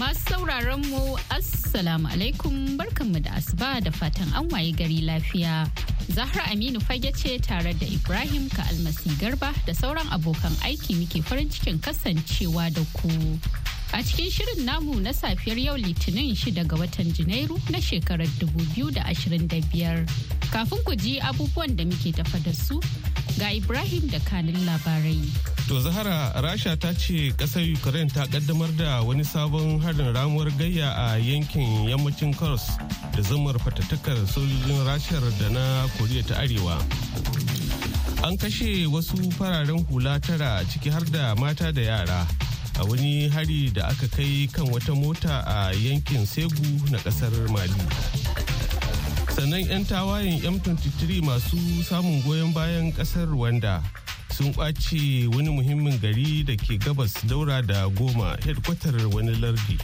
Masu sauraron mu Assalamu alaikum barkanmu da asuba da fatan an waye gari lafiya. Zahra Aminu fage ce tare da Ibrahim ka almasi garba da sauran abokan aiki muke farin cikin kasancewa da ku. A cikin shirin namu na safiyar yau litinin shida ga watan Janairu na shekarar 2025. Kafin ku ji abubuwan da muke tafa da su ga Ibrahim da kanin labarai. To Zahara Rasha ta ce ƙasar Ukraine ta ƙaddamar da wani sabon harin ramuwar gayya a yankin yammacin Kars da zumar fatattakar sojojin Rashar da na Koriya ta Arewa. An kashe wasu fararen hula tara ciki har da mata da yara a wani hari da aka kai kan wata mota a yankin Segu na ƙasar Mali. sannan 'yan tawayen m23 masu samun goyon bayan kasar rwanda sun ƙwace wani muhimmin gari da ke gabas daura da goma hedkwatar wani lardi.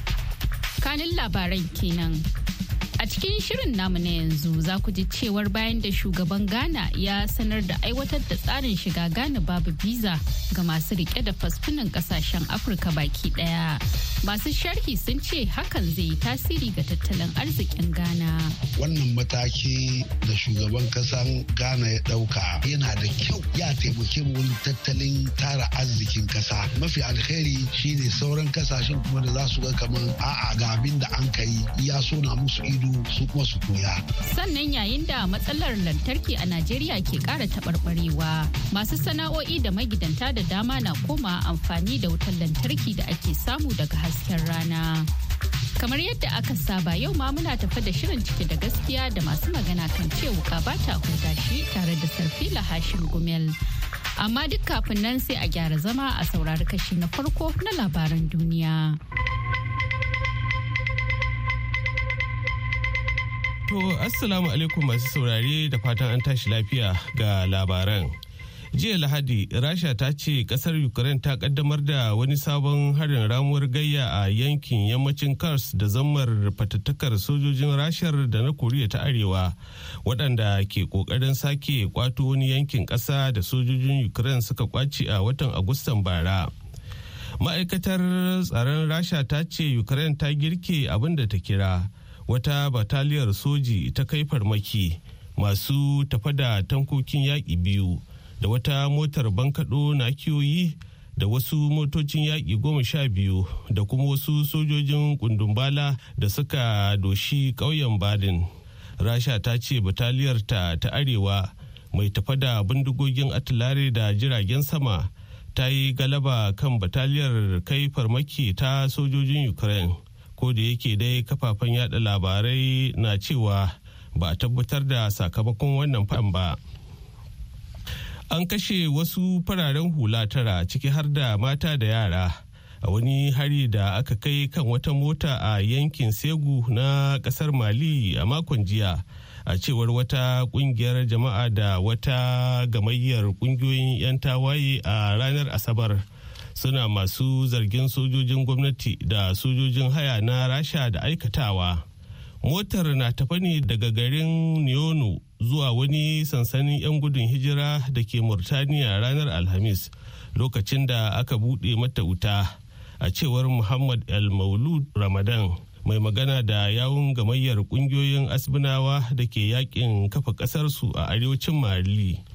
kanin labaran kenan a cikin shirin namu na yanzu za ku ji cewar bayan da shugaban Ghana ya sanar da aiwatar da tsarin shiga Ghana babu visa ga masu rike da fasfunan kasashen Afirka baki daya. Masu sharhi sun ce hakan zai yi tasiri ga tattalin arzikin Ghana. Wannan mataki da shugaban kasan Ghana ya dauka yana da kyau ya taimake mu tattalin tara arzikin kasa. Mafi alheri shine sauran kasashen kuma da za su ga kamar a'a ga abin da an kai ya so na musu ido su kuma su koya. Sannan yayin da matsalar lantarki a Najeriya ke ƙara taɓarɓarewa, masu sana'o'i da magidanta da dama na koma amfani da wutar lantarki da ake samu daga hasken rana. Kamar yadda aka saba yau ma muna tafa da shirin cike da gaskiya da masu magana kan ce wuka ba ta huda shi tare da sarfi lahashin gumel. Amma duk kafin nan sai a gyara zama a saurari kashi na farko na labaran duniya. To, Assalamu alaikum masu saurare da fatan an tashi lafiya ga labaran. Jiya Lahadi, Rasha ta ce kasar Ukraine ta kaddamar da wani sabon harin ramuwar gayya a yankin yammacin Kars da zammar fatattakar sojojin Rashar da na Koriya ta Arewa, waɗanda ke ƙoƙarin sake kwato wani yankin ƙasa da sojojin Ukraine suka kwace a watan Agustan bara. ma'aikatar tsaron rasha ta ce ukraine ta girke abin da ta kira wata bataliyar soji ta kai farmaki masu tafa da tankokin yaƙi biyu da wata motar bankaɗo na kiyoyi da wasu motocin yaƙi goma sha biyu da kuma wasu sojojin kundumbala da suka doshi ƙauyen badin rasha ta ce bataliyar ta ta arewa mai tafa da bindigogin atilare da jiragen sama ta yi galaba kan bataliyar kai farmaki ta sojojin ukraine ko da yake dai kafafen yada labarai na cewa ba a tabbatar da sakamakon wannan faɗan ba an kashe wasu fararen hula tara ciki har da mata da yara a wani hari da aka kai kan wata mota a yankin segu na kasar mali a makon jiya a cewar wata kungiyar jama'a da wata gamayyar kungiyoyin 'yan tawaye a ranar asabar suna masu zargin sojojin gwamnati da sojojin haya na rasha da aikatawa motar na tafa ne daga garin neono zuwa wani sansanin 'yan gudun hijira da ke murtaniya ranar alhamis lokacin da aka buɗe mata wuta a cewar muhammad el maulud ramadan mai magana da yawun gamayyar ƙungiyoyin asbinawa da ke yakin kafa ƙasarsu a arewacin mali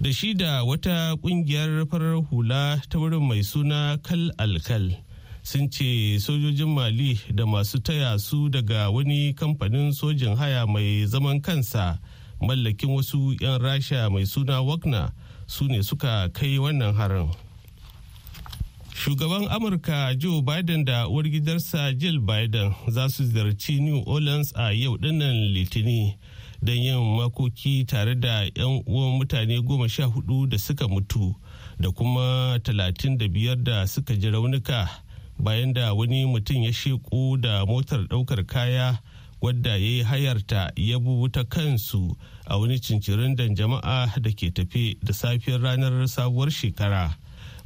da shi da wata kungiyar farar hula ta wurin mai suna kal alkal sun ce sojojin mali da masu taya su daga wani kamfanin sojin haya mai zaman kansa mallakin wasu 'yan rasha mai suna wagner su ne suka kai wannan harin shugaban amurka joe biden da uwar gidarsa jill biden za su ziyarci new orleans a yau dinnan litini don yin makoki tare da 'yan uwan mutane goma sha hudu da suka mutu da kuma talatin da biyar da suka ji raunuka bayan da wani mutum ya sheku da motar daukar kaya wadda ya yi hayarta ya ta kansu a wani cincirin dan jama'a da ke tafe da safiyar ranar sabuwar shekara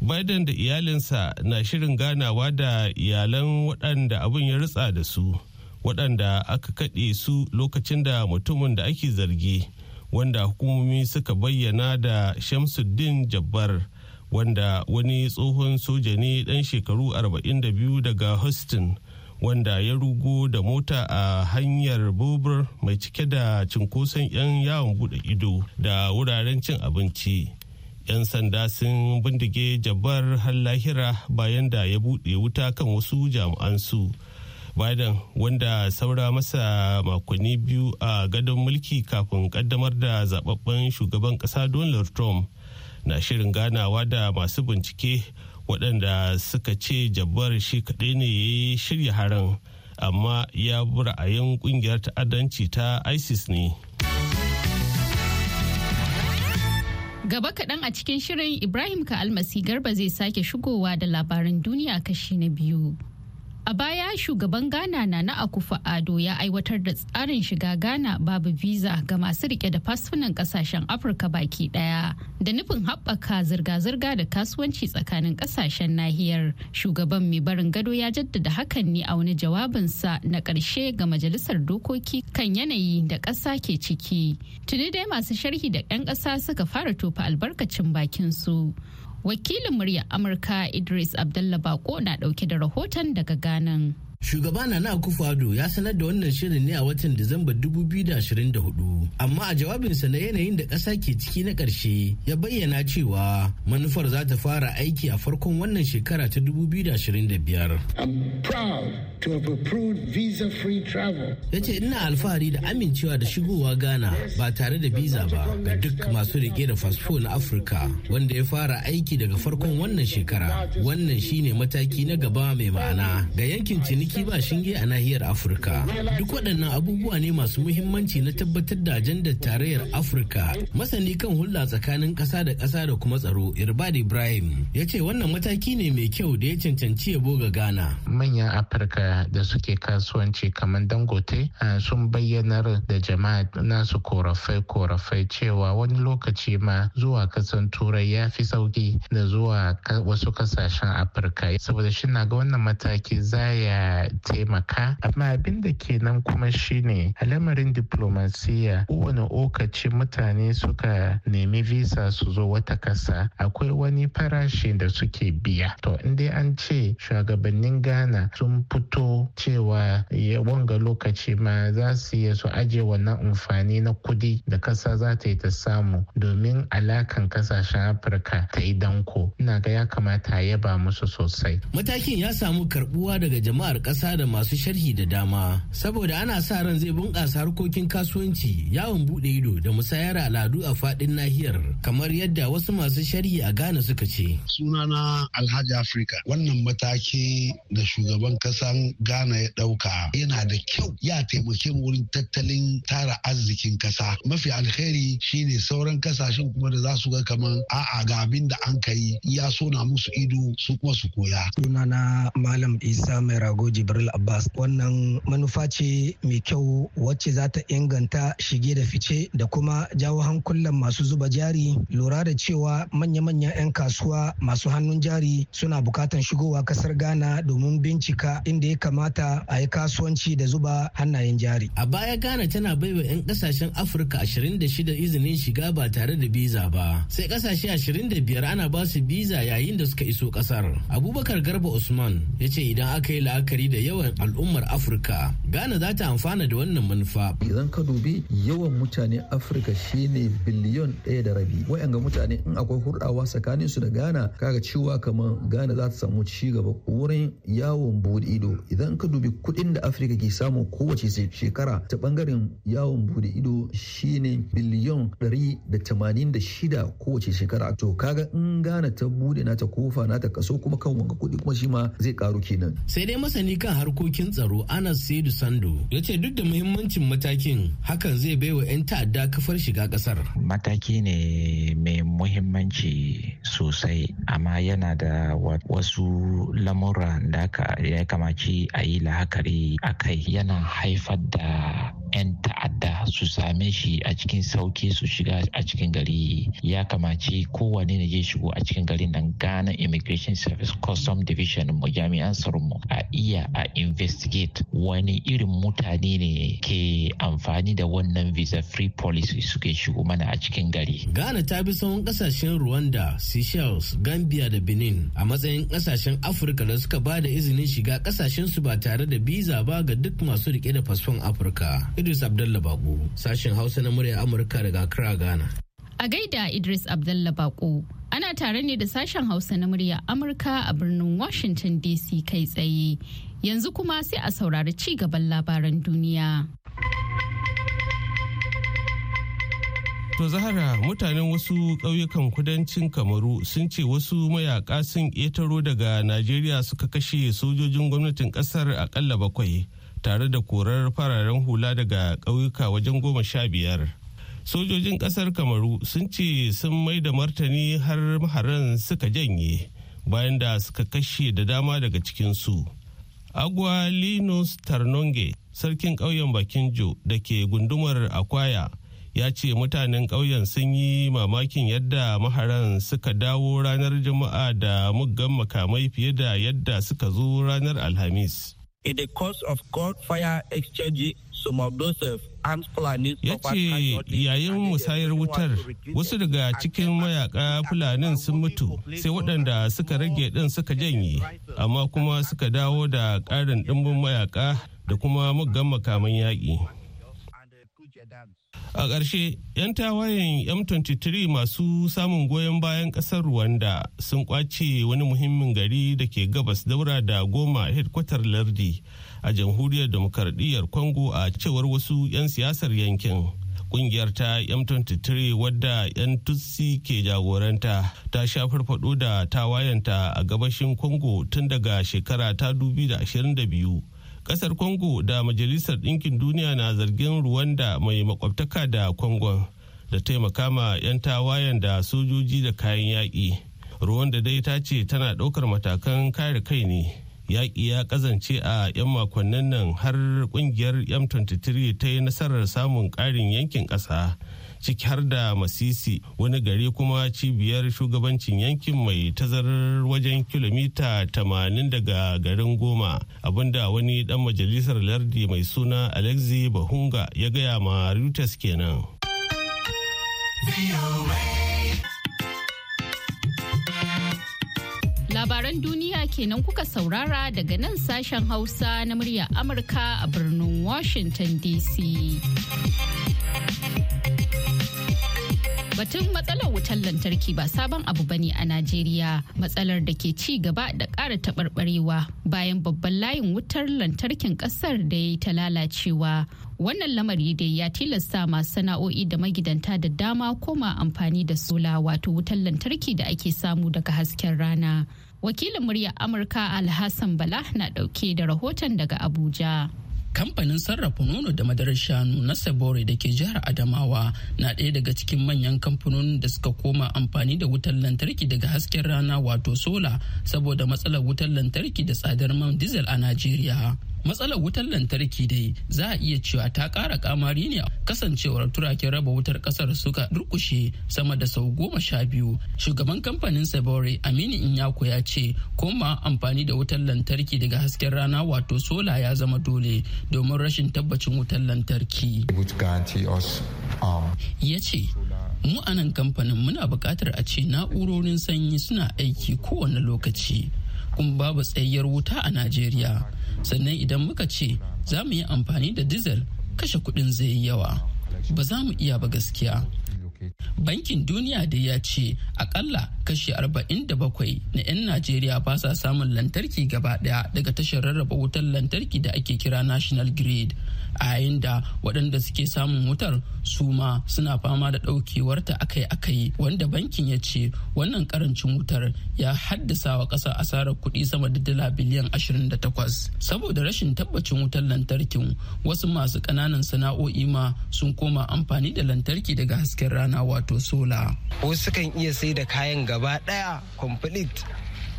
biden da iyalinsa na shirin ganawa da iyalan waɗanda abin ya ritsa da su waɗanda aka kaɗe su lokacin da mutumin da ake zargi wanda hukumomi suka bayyana da shamsuddin jabbar wanda wani tsohon soja ne ɗan shekaru 42 daga houston wanda ya rugo da mota a hanyar bobur mai cike da cinkoson 'yan yawon bude ido da wuraren cin abinci 'yan sanda sun bindige jabbar har lahira bayan da ya bude wuta kan wasu jami'an su biden wanda saura masa makonni biyu a gadon mulki kafin kaddamar da zababben shugaban kasa donald trump na shirin ganawa da masu bincike waɗanda suka ce jabbar shi kaɗai ne ya shirya harin amma ya bi ra'ayin ƙungiyar ta'addanci ta isis ne Gaba kaɗan a cikin shirin Ibrahim Ka'almasi Garba zai sake shigowa da labaran duniya kashi na biyu. A baya shugaban Ghana na na Akufa Ado ya aiwatar da tsarin shiga Ghana babu visa ga masu rike da fasfunan kasashen Afirka baki daya da nufin haɓaka zirga-zirga da kasuwanci tsakanin kasashen nahiyar. Shugaban mai barin gado ya jaddada hakan ne a wani jawabinsa na ƙarshe ga majalisar dokoki kan yanayi da ƙasa ke ciki. Tuni dai masu sharhi da 'yan ƙasa suka fara tofa albarkacin bakinsu. wakilin muryar amurka idris abdullah bako na dauke da rahoton daga ganan Shugaba Nana Akufo-Addo ya sanar da wannan shirin ne a watan Disamba 2024, amma a jawabinsa na yanayin da ƙasa ke ciki na ƙarshe ya bayyana cewa manufar za ta fara aiki a farkon wannan shekara ta 2025. I'm proud to have approved visa-free travel. Ya ce ina alfahari da amincewa da shigowa Ghana ba tare da visa ba ga duk masu riƙe da fasfo na Afirka wanda ya fara aiki daga farkon wannan shekara. Wannan shine mataki na gaba mai ma'ana ga yankin ciniki sarki ba shinge a nahiyar Afirka. Duk waɗannan abubuwa ne masu muhimmanci na tabbatar da ajandar tarayyar Afirka. Masani kan hulɗa tsakanin ƙasa da ƙasa da kuma tsaro Irbad Ibrahim ya ce wannan mataki ne mai kyau da ya cancanci ya boga Ghana. Manyan Afirka da suke kasuwanci kamar Dangote eh, sun bayyanar da jama'a nasu korafai-korafai cewa wani lokaci ma zuwa kasan Turai ya fi sauki da zuwa wasu kasashen Afirka saboda shi na ga wannan mataki zaya taimaka amma abin da ke nan kuma shine lamarin diplomasiya kowane okaci mutane suka nemi visa su zo wata kasa akwai wani farashi da suke biya to in dai an ce shugabannin ghana sun fito cewa ya wanga lokaci ma za su iya su aje wannan amfani na kudi da kasa za ta yi ta samu domin alakan kasashen afirka ta yi danko ina ga ya kamata a yaba musu sosai matakin ya samu karbuwa daga jama'ar ƙasa da masu sharhi da dama saboda ana sa ran zai bunƙasa harkokin kasuwanci yawon buɗe ido da musayar al'adu a faɗin nahiyar kamar yadda wasu masu sharhi a Ghana suka ce. Sunana Alhaji Afirka. wannan mataki da shugaban ƙasan Ghana ya ɗauka yana da kyau ya taimake mu wurin tattalin tara arzikin ƙasa. Mafi alheri shine sauran ƙasashen kuma da za su ga kamar a'a ga abin da an kai ya so na musu ido su kuma su koya. Sunana Malam Isa Mai Rago jibril abbas wannan manufa ce mai kyau wacce za ta inganta shige da fice da kuma jawo hankulan masu zuba jari lura da cewa manya-manyan 'yan kasuwa masu hannun jari suna bukatan shigowa kasar ghana domin bincika inda ya kamata a yi kasuwanci da zuba hannayen jari a baya ghana tana baiwa 'yan kasashen afirka 26 izinin shiga ba tare da biza ba sai kasashe 25 ana ba su biza yayin da suka iso kasar abubakar garba usman ya ce idan aka yi la'akari hankali da yawan al'ummar afirka ghana za ta amfana da wannan manufa idan ka dubi yawan mutane afirka shine biliyon ɗaya da rabi wayanga mutane in akwai hurɗawa tsakanin su da ghana kaga cewa kamar ghana za ta samu ci gaba wurin yawon bude ido idan ka dubi kuɗin da afirka ke samu kowace shekara ta bangaren yawon bude ido shine biliyon ɗari da tamanin da shida kowace shekara to kaga in ghana ta bude nata kofa nata kaso kuma kan wanga kuɗi kuma shi ma zai karu kenan sai dai masani masani kan harkokin tsaro Anas Saidu Sando ya ce duk da muhimmancin matakin hakan zai baiwa 'yan ta'adda kafar shiga kasar. Mataki ne mai muhimmanci sosai amma yana da wasu lamura da ya kamaci a yi la'akari a kai yana haifar da 'yan ta'adda su same shi a cikin sauki su shiga a cikin gari ya kamaci kowane ne shigo a cikin garin nan Ghana Immigration Service Custom Division mu jami'an tsaron a iya a investigate wani irin mutane ne ke amfani da wannan visa free policy suke shigo mana a cikin gari. Ghana ta bi tsawon kasashen Rwanda, Seychelles, Gambia da Benin a matsayin kasashen Afirka da suka ba da izinin shiga kasashen su ba tare da viza ba ga duk masu rike da fasfon Afirka. Idris Abdalla Bago, sashen Hausa na murya Amurka daga Accra, Ghana. A gaida Idris Abdalla Bako, ana tare ne da sashen Hausa na murya Amurka a birnin Washington DC kai tsaye. Yanzu kuma sai a saurari ci gaban labaran duniya. To Zahara mutanen wasu ƙauyukan kudancin Kamaru sun ce wasu mayaƙa sun ƙetaro daga Najeriya suka kashe sojojin gwamnatin ƙasar aƙalla bakwai tare da korar fararen hula daga ƙauyuka wajen goma sha biyar. Sojojin ƙasar Kamaru sun ce sun mai da martani har maharan suka janye bayan da suka kashe da dama daga cikinsu. su. agwa tarnonge sarkin ƙauyen Bakin jo da ke gundumar akwaya ya ce mutanen ƙauyen sun yi mamakin yadda maharan suka dawo ranar juma'a da muggan makamai fiye da yadda suka zo ranar alhamis. In the course of cold-fire exchange Uh, ya ce yayin musayar wutar wasu daga cikin mayaka fulanin sun mutu sai waɗanda suka rage ɗin suka janye amma kuma suka dawo da ƙarin ɗimbin mayaka da kuma muggan makaman yaƙi. a ƙarshe 'yan tawayen m23 masu samun goyon bayan ƙasar rwanda sun kwace wani muhimmin gari da ke gabas daura da goma a hedkwatar lardi a jamhuriyar demokaradiyyar congo a cewar wasu 'yan siyasar yankin kungiyar ta m23 wadda 'yan tutsi ke jagoranta ta sha farfado da tawayenta a gabashin congo tun daga shekara ta 2022 kasar congo da majalisar ɗinkin duniya na zargin rwanda mai makwabtaka da congo da taimaka ma 'yan tawayen da sojoji da kayan yaƙi rwanda dai ta ce tana ɗaukar matakan kare kai ne yaƙi ya ƙazance a 'yan makonnin nan har ƙungiyar m23 ta yi nasarar samun ƙarin yankin ƙasa ciki har da masisi wani gari kuma cibiyar shugabancin yankin mai tazarar wajen kilomita tamanin daga garin goma abinda wani dan majalisar lardi mai suna alexi bahunga ya gaya ma reuters kenan labaran duniya kenan kuka saurara daga nan sashen hausa na murya amurka a birnin washington dc Batun matsalar wutar lantarki ba sabon abu bane a Najeriya matsalar da ke ci gaba da ƙara taɓarɓarewa bayan babban layin wutar lantarkin ƙasar da ya yi ta lalacewa. Wannan lamari dai ya tilasta masu sana'o'i da magidanta da dama koma amfani da sola wato wutar lantarki da ake samu daga hasken rana. Wakilin Murya Amurka Alhassan Bala na ɗauke da rahoton daga Abuja. kamfanin sarrafa nono da madarar shanu na sabore da ke jihar adamawa na ɗaya daga cikin manyan kamfanonin da suka koma amfani da wutar lantarki daga hasken rana wato sola saboda matsalar wutar lantarki da tsadar man diesel a najeriya matsalar wutar lantarki dai za a iya cewa ta ƙara kamari ne kasancewar turaken raba wutar ƙasar suka durkushe sama da sau goma sha biyu shugaban kamfanin sabore aminu inyako ya ce koma amfani da wutar lantarki daga hasken rana wato sola ya zama dole domin rashin tabbacin wutar lantarki um, ya ce mu anan kamfanin muna buƙatar a ce na'urorin sanyi suna aiki kowane lokaci kuma babu tsayayyar wuta a najeriya sannan idan muka ce za mu yi amfani da dizal kashe kudin zai yawa ba za mu iya ba gaskiya Bankin Duniya da ya ce akalla kashi 47 na 'yan Najeriya ba sa samun lantarki gaba ɗaya daga tashar rarraba wutar lantarki da ake kira National Grid. A yayin da waɗanda suke samun wutar su ma suna fama da ɗaukewarta akai-akai wanda bankin ya ce wannan karancin wutar ya haddasa wa ƙasa asarar kuɗi sama da dala biliyan 28. Saboda rashin tabbacin wutar lantarkin wasu masu ƙananan sana'o'i ma sun koma amfani da lantarki daga hasken rana. ma'ana wato sola wasu kan iya sai da kayan gaba daya complete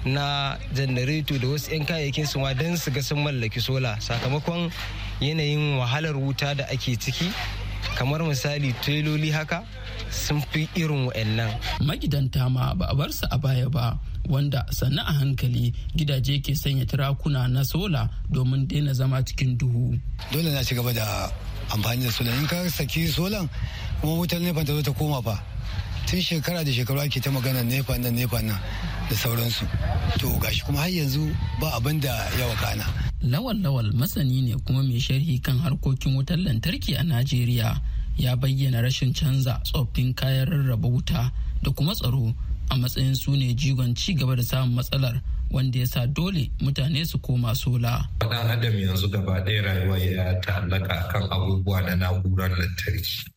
na janareto da wasu 'yan kayayyakin su ma don su ga sun mallaki sola sakamakon yanayin wahalar wuta da ake ciki kamar misali teloli haka sun fi irin wa'annan. magidanta ma ba a bar su a baya ba wanda sanna a hankali gidaje ke sanya tirakuna na sola domin daina zama cikin duhu dole na ci gaba da amfani da sola in ka saki solan kuma wutar nefa ta zo ta koma fa tun shekara da shekaru ake ta magana nefa nan nefa nan da sauransu to gashi kuma har yanzu ba abin da ya wakana lawal lawal masani ne kuma mai sharhi kan harkokin wutar lantarki a najeriya ya bayyana rashin canza tsoffin kayan rarraba wuta da kuma tsaro a matsayin su ne jigon ci gaba da samun matsalar wanda ya sa dole mutane su koma sola. Dan adam yanzu gaba ɗaya rayuwa ya ta'allaka kan abubuwa na na'urar lantarki.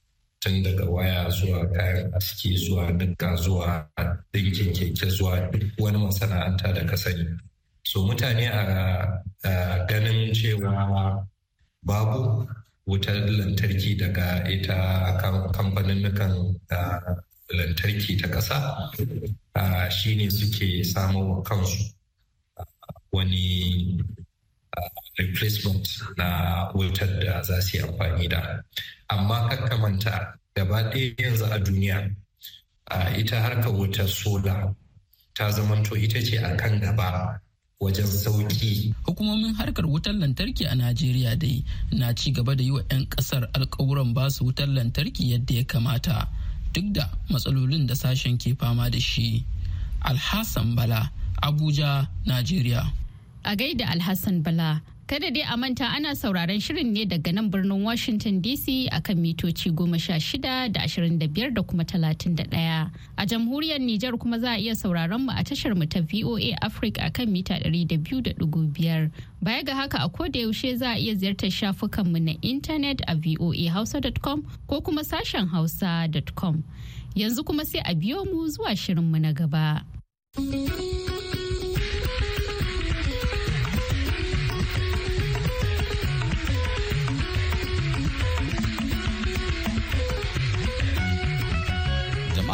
tun daga waya zuwa kayan aski zuwa dukka zuwa dinkin keke zuwa duk wani masana'anta da kasani so mutane a ganin cewa babu wutar lantarki daga ita kamfanin nukan lantarki ta ƙasa shine suke samun kansu wani replacement na wutar da za su yi amfani da amma kakkamanta gaba ɗaya yanzu a duniya ita harkar wutar sola ta zamanto ita ce a kan gaba wajen sauki. Hukumomin harkar wutar lantarki a Najeriya dai na ci gaba da yi wa 'yan ƙasar alkawuran ba su wutar lantarki yadda ya kamata duk da matsalolin da sashen ke fama da shi. Alhassan Bala, Abuja, Najeriya. a gaida Alhassan Bala. Kada dai a manta ana sauraron shirin ne daga nan birnin Washington DC akan mitoci goma sha shida da ashirin da biyar da kuma talatin da ɗaya. A jamhuriyar Nijar kuma za a iya sauraron mu a tashar mu ta VOA Africa akan mita ɗari da biyu da ɗigo biyar. Baya ga haka a koda yaushe za a iya ziyartar shafukan mu na intanet a voahausa.com ko kuma sashen hausa.com. Yanzu kuma sai a biyo mu zuwa shirin mu na gaba.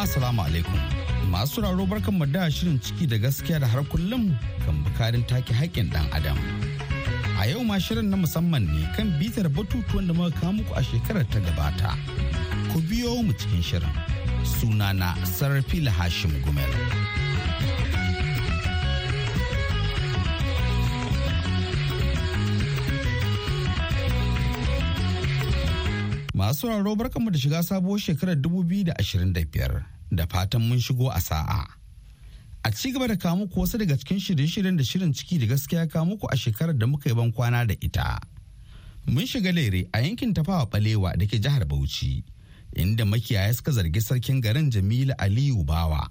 Assalamu alaikum masu raro barkan da shirin ciki da gaskiya da har kullum kan bukarin take haƙƙin ɗan adam a yau ma shirin na musamman ne kan bitar batutuwan da muka kawo muku a shekarar ta gabata ku biyo mu cikin shirin sunana sarrafi hashim gumel Masu raro barkanmu da shiga sabuwar shekarar 2025 da fatan mun shigo a sa'a. A ci gaba da kamu ku wasu daga cikin shirye-shiryen da shirin ciki da gaskiya kamu ku a shekarar da muka yi ban kwana da ita. Mun shiga lere a yankin tafawa balewa da ke jihar Bauchi, inda makiyaya suka zargi sarkin garin Jamilu Aliyu Bawa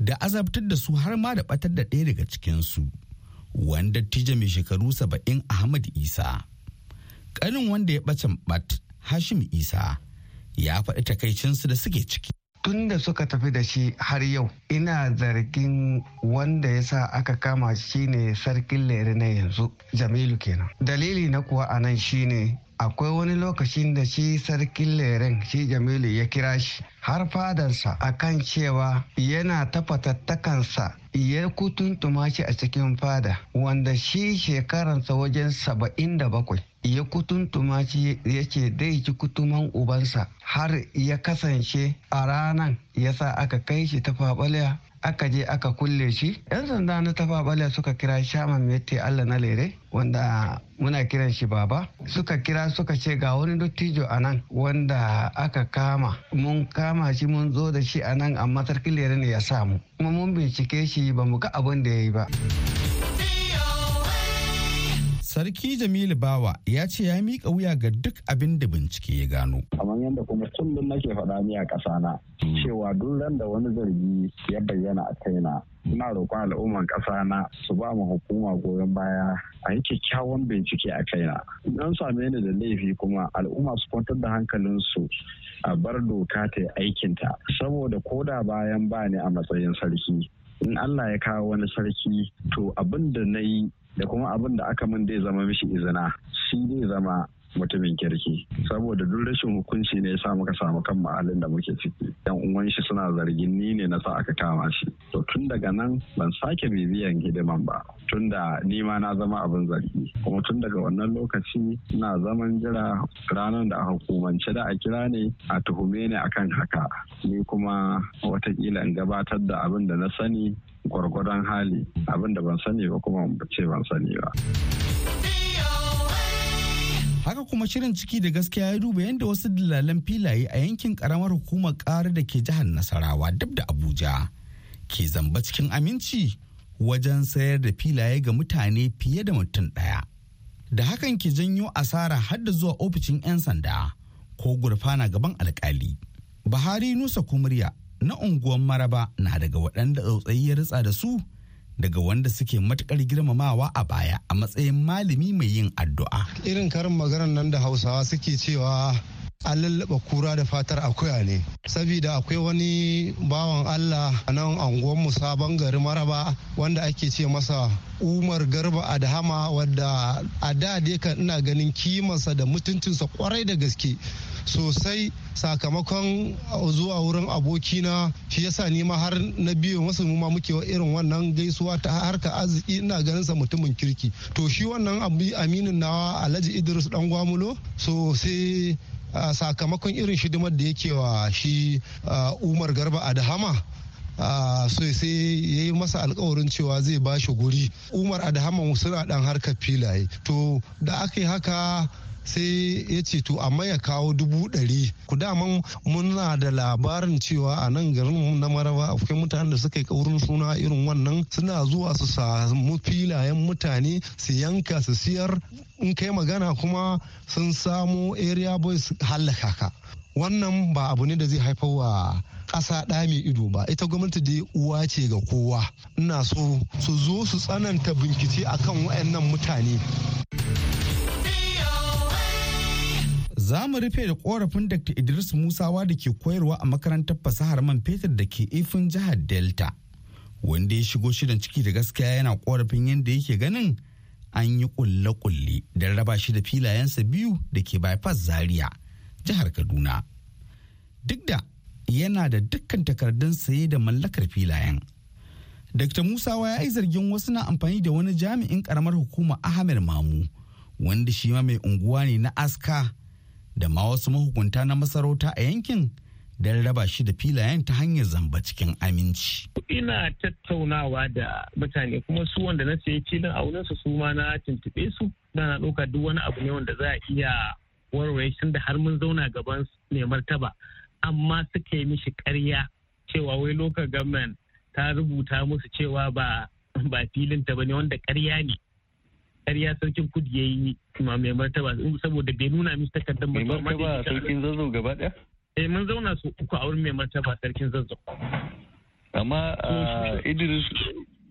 da azabtar da su har ma da batar da ɗaya daga cikinsu, wanda tija mai shekaru saba'in Ahmad Isa. Kanin wanda ya ɓacin bat. Hashim Isa ya faɗi takaicinsu da suke ciki. Tun da suka tafi da shi har yau ina zargin wanda ya sa aka kama shi ne sarkin lere na yanzu Jamilu kenan. Dalili na kuwa a nan shi ne akwai wani lokacin da shi sarkin leren shi Jamilu ya kira shi har fadarsa a kan cewa yana tafatattakansa ya kutuntuma shi a cikin fada wanda shi shekaransa wajen saba'in da bakwai ya kutuntuma shi ya ce zai ci kutuman ubansa har ya kasance a ranan ya sa aka kai shi ta faɓalya aka je aka kulle shi yan sanda na tafaɓalya suka kira shaman mete allah na lere wanda muna kiran shi baba suka kira suka ce ga wani dottijo a nan wanda aka kama mun kama shi mun zo da shi a nan amma sarki lere ne ya samu kuma mun bincike shi ba mu ga abin da ya yi ba. Sarki Jamilu Bawa ya ce ya miƙa wuya ga duk abin da bincike ya gano. Kamar yadda kuma kullum nake faɗa ni a ƙasana cewa duk randa wani zargi ya bayyana a kaina ina roƙon al'umman ƙasana su ba mu hukuma goyon baya a yi kyakkyawan bincike a kaina. Don same ni da laifi kuma al'umma su kwantar da hankalinsu a bar doka ta aikinta saboda da bayan ba ni a matsayin sarki. in Allah ya kawo wani sarki to abin da na yi da kuma abin da aka min zai zama mishi izina shi zai zama mutumin kirki saboda duk rashin hukunci ne sa muka samu kan mahalin da muke ciki yan uwan shi suna zargin ni ne na sa aka kama shi to tun daga nan ban sake bibiyan hidiman ba tun da ni ma na zama abin zargi kuma tun daga wannan lokaci na zaman jira ranar da a hukumance da a kira ne a tuhume ne akan haka ni kuma watakila in gabatar da abin da na sani gwargwadon hali abin da ban sani ba kuma ce ban sani ba. haka kuma shirin ciki da gaskiya ya duba yadda wasu dillalan filaye a yankin karamar hukumar ƙara da ke jihar nasarawa dab da abuja ke zamba cikin aminci wajen sayar da filaye ga mutane fiye da mutum ɗaya da hakan ke janyo asara har da zuwa ofishin 'yan sanda ko gurfana gaban alkali buhari nusa kumurya na unguwar maraba na daga waɗanda tsautsayi ya ritsa da su daga wanda suke matukar girmamawa a baya a matsayin malami mai yin addu'a. Irin karin maganar nan da Hausawa suke cewa an lallaba kura da fatar akuya ne saboda akwai wani bawan allah a nan anguwanmu sabon gari maraba wanda ake ce masa umar garba adhama wadda a da dai ina ganin kimansa da mutuncinsa kwarai da gaske sosai sakamakon zuwa wurin abokina shi yasa ni ma har na biyu masu mu ma muke irin wannan gaisuwa ta harka arziki ina ganin sa mutumin kirki to shi wannan aminin nawa Alhaji Idris dan gwamulo so sai sakamakon irin shidimar da yake wa shi Umar Garba Adahama so sai ya yi masa alkawarin cewa zai ba shi guri umar adahama suna dan harkar filaye to da aka yi haka sai ya ce to amma ya kawo dubu ɗari ku daman muna da labarin cewa a nan garin na maraba akwai mutanen da suka yi kaurin suna irin wannan suna zuwa su samu filayen mutane su yanka su siyar in kai magana kuma sun samo area boys hallaka ka wannan ba abu ne da zai haifar wa ƙasa ɗa mai ido ba ita gwamnati dai uwa ce ga kowa ina so su zo su tsananta bincike akan waɗannan mutane Za mu rufe da korafin Dr. Idris Musawa da ke koyarwa a makarantar fasahar man fetur da ke ifin jihar Delta. Wanda ya shigo shirin ciki da gaskiya yana korafin yadda yake ganin an yi kulle-kulle da raba shi da filayensa biyu da ke bypass Zaria, jihar Kaduna. Duk da yana da dukkan takardun saye da mallakar filayen. Dr. Musawa ya yi zargin wasu na amfani da wani jami'in karamar hukuma Ahmed Mamu, wanda shi ma mai unguwa ne na aska da ma wasu mahukunta na masarauta a yankin don raba shi da filayen ta hanyar zamba cikin aminci. Ina tattaunawa da mutane kuma su wanda na sayi filin a su ma na tuntuɓe su da na ɗauka duk wani abu ne wanda za a iya warware shi da har mun zauna gaban ne martaba amma suka yi mishi ƙarya cewa wai local government ta rubuta musu cewa ba ba filin ta bane wanda ƙarya ne ƙarya sarkin kudu ya yi kuma mai martaba saboda bai nuna mishi takardar mai martaba sarkin zazzau gaba ɗaya? Eh, mun zauna su uku a wurin mai martaba sarkin zazzau. amma ah, idris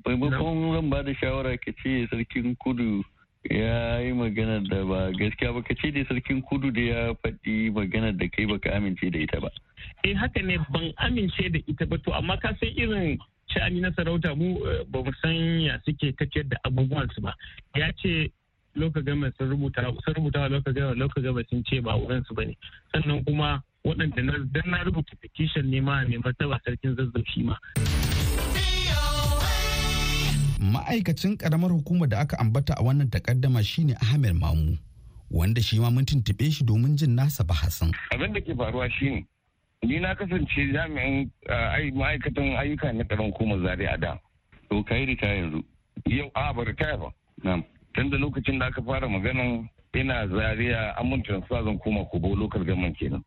maimakon zan ba da shawara ka ce sarkin kudu ya yi magana da ba gaskiya ba ka ce da sarkin kudu da ya faɗi magana da kai baka amince da ita ba. eh haka ne ban amince da ita ba to amma ka san irin ani na sarauta mu eh, ba mu san ya suke tafiyar da abubuwan su ba ya ce loka gama sun rubuta sun rubuta loka gama loka gama sun ce ba wurin su bane sannan kuma waɗanda na dan na rubuta petition ne ma mai martaba sarkin zazzafi ma ma'aikacin karamar hukumar da aka ambata a wannan takaddama shine Ahmed Mamu wanda shi ma mun tuntube shi domin jin nasa bahasin abin da ke faruwa shine Ni na kasance jami'in eh, ma'aikatan ayyuka na karan koma zari a da. To ka yi ritaya yanzu. Yau a ba ritaya ba. Na'am. Tun da lokacin da aka fara maganan ina zariya da sa zan koma kobo lokal gaman kenan.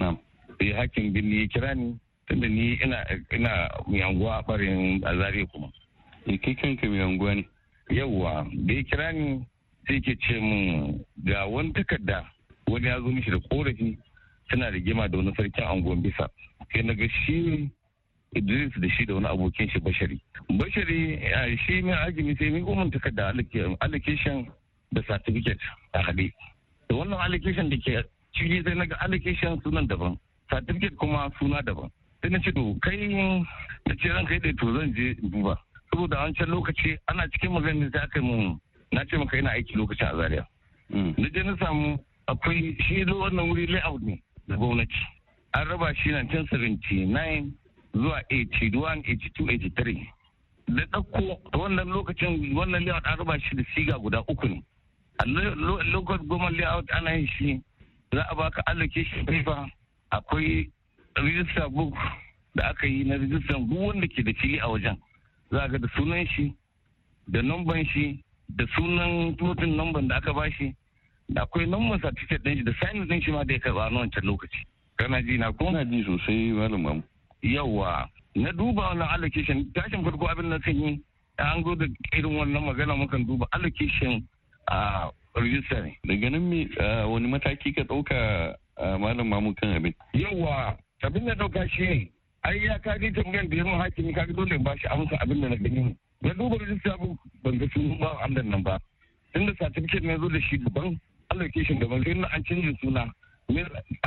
Na'am. Sai eh, hakin birni ya kira ni tunda ni ina ina mai anguwa a barin a zariya kuma. E kai kanka mai anguwa ne. Yawwa da ya kira ni sai ke ce min ga wani takarda wani ya zo mishi da korafi tana rigima da wani sarkin angon bisa kai na ga shi idris da shi da wani abokin shi bashari bashari shi mai ajimi sai mai umar da allocation da certificate a haɗe da wannan allocation da ke ciki sai na ga allocation sunan daban certificate kuma suna daban sai na ce to kai na ce ran kai da to zan je duba saboda a wancan lokaci ana cikin maganin da aka mun na ce maka ina aiki lokacin a zaria mm. na je na samu akwai shi zo wannan wuri layout ne da gwamnati an raba shi 1979 zuwa 81 82 83 da ɗauko wannan lokacin wannan layout an raba shi da siga guda uku ne a lokacin goma layout ana yin shi za a baka shi FIFA akwai register book da aka yi na register duk wanda ke da fili a wajen za ga da sunan shi da numban shi da sunan totin numban da aka bashi akwai numban certificate din shi da sign din shi ma da ya karba nan wancan lokaci kana ji na ko na ji sosai malam mamu yawa na duba wannan allocation tashin farko abin na kan yi an zo da irin wannan magana mukan duba allocation a register ne daga nan me wani mataki ka dauka malam mamu kan abin yawa abin da dauka shi ne ai ya ji tambayar da yawan hakimi ga dole ba shi amsa abin da na gani na duba register ban ga sun ba amdan nan ba tunda certificate na zo da shi daban allocation da daban sai an canjin suna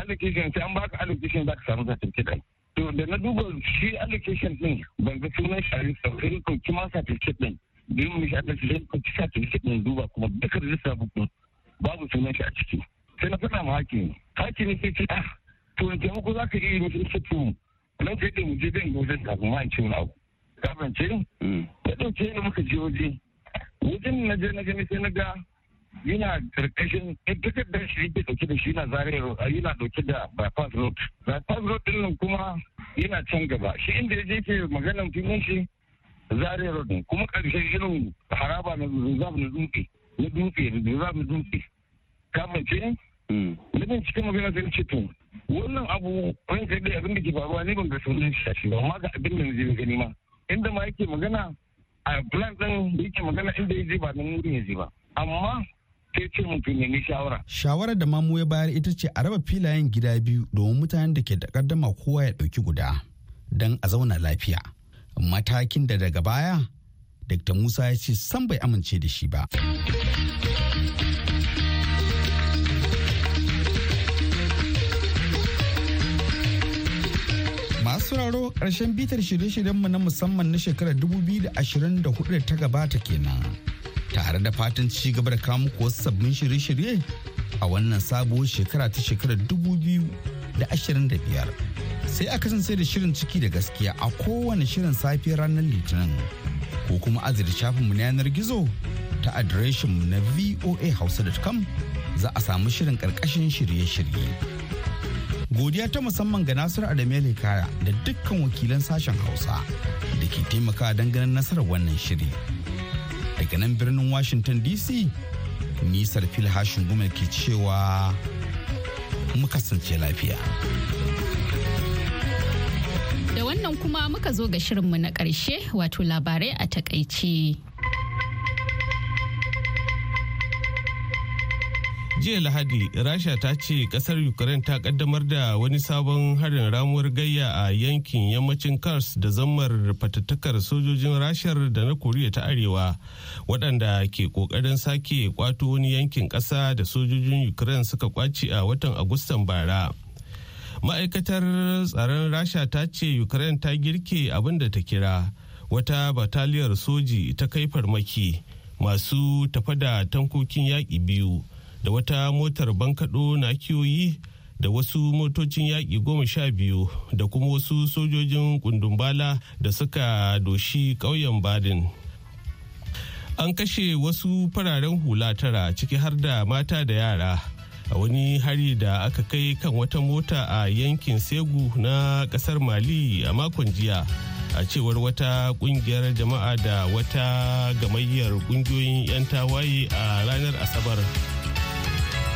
allocation sai an baka allocation za ka samu certificate to da na duba shi allocation din ban ga sunan shari'a sai ko kima certificate din da mu shi allocation sai ko certificate din duba kuma duka da rijista bukun babu sunan shi a ciki sai na faɗa ma hakimi hakimi sai ce ah to in taimako za ka iya mutum su tu nan sai da mu je zan gozan ta kuma in ce wani abu kafin ce mm. ya ɗauke ni muka je waje wajen na je na gani sai na ga yana karkashin takardar shi yake dauke da shi yana zariyar yana dauke da bypass road bypass road din nan kuma yana can gaba shi inda ya je ke maganan filin shi zariyar road kuma karshen irin haraba na reserve na dutse na dutse reserve na dutse kamance hmm. na cikin magana sai ce to wannan abu wani kai dai abin da ke faruwa ne ban ga sunan shi ba amma ga abin da na gani ma inda ma yake magana a plan din da yake magana inda ya je ba nan wurin ya je ba amma sai ce mutum ne shawara. Shawarar da mamu ya bayar ita ce a raba filayen gida biyu domin mutanen da ke da kaddama kowa ya ɗauki guda don a zauna lafiya. Matakin da daga baya, Dr. Musa ya ce san bai amince da shi ba. Masu sauraro ƙarshen bitar shirye-shiryenmu na musamman na shekarar 2024 da ta gabata kenan. tare da fatan ci gaba da kawo muku wasu sabbin shirye-shirye a wannan sabuwar shekara ta shekarar biyar sai a kasance da shirin ciki da gaskiya a kowane shirin safiyar ranar litinin ko kuma shafin mu na yanar gizo ta adireshinmu na VOA voahausa.com za a samu shirin karkashin shirye-shirye godiya ta musamman ga nasiru adamele kaya da dukkan wakilan sashen hausa da ke taimaka don ganin nasarar wannan shiri. daga nan birnin washington dc nisar filhashin gumel ke cewa mu kasance lafiya da wannan kuma muka zo ga shirinmu na ƙarshe wato labarai a takaice. jiya lahadi rasha ta ce kasar ukraine ta kaddamar da wani sabon harin ramuwar gayya a yankin yammacin kars da zammar fatattakar sojojin rashar da na koriya ta arewa waɗanda ke ƙoƙarin sake kwato wani yankin ƙasa da sojojin ukraine suka kwace a watan agustan bara ma'aikatar tsaron rasha ta ce ukraine ta girke abin da ta kira wata bataliyar soji ta kai farmaki masu tafa da tankokin yaƙi biyu da wata motar bankaɗo na kiyoyi da wasu motocin yaƙi goma sha biyu da kuma wasu sojojin kundumbala da suka doshi ƙauyen badin an kashe wasu fararen hula tara ciki har da mata da yara a wani hari da aka kai kan wata mota a yankin segu na ƙasar mali a makon jiya a cewar wata kungiyar jama'a da wata gamayyar kungiyoyin 'yan tawaye a ranar asabar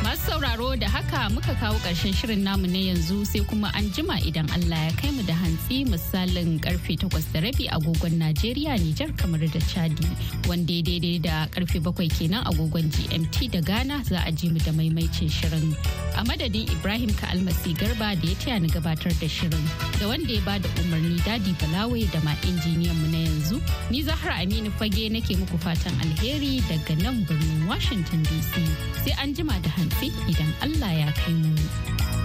Masu sauraro da haka muka kawo ƙarshen shirin namu na yanzu sai kuma an jima idan Allah ya kai mu da hantsi misalin karfe 8:30 da rabi agogon Najeriya Nijar kamar da Chadi wanda daidai da karfe 7 kenan agogon GMT da Ghana za a ji mu da maimaicin shirin. A madadin Ibrahim ka almasi garba da ya taya ni gabatar da shirin da wanda ya bada umarni Dadi Balawe da ma injiniyan mu na yanzu ni Zahra Aminu Fage nake muku fatan alheri daga nan birnin Washington DC sai an jima da hantsi. gobe idan Allah ya kai mu.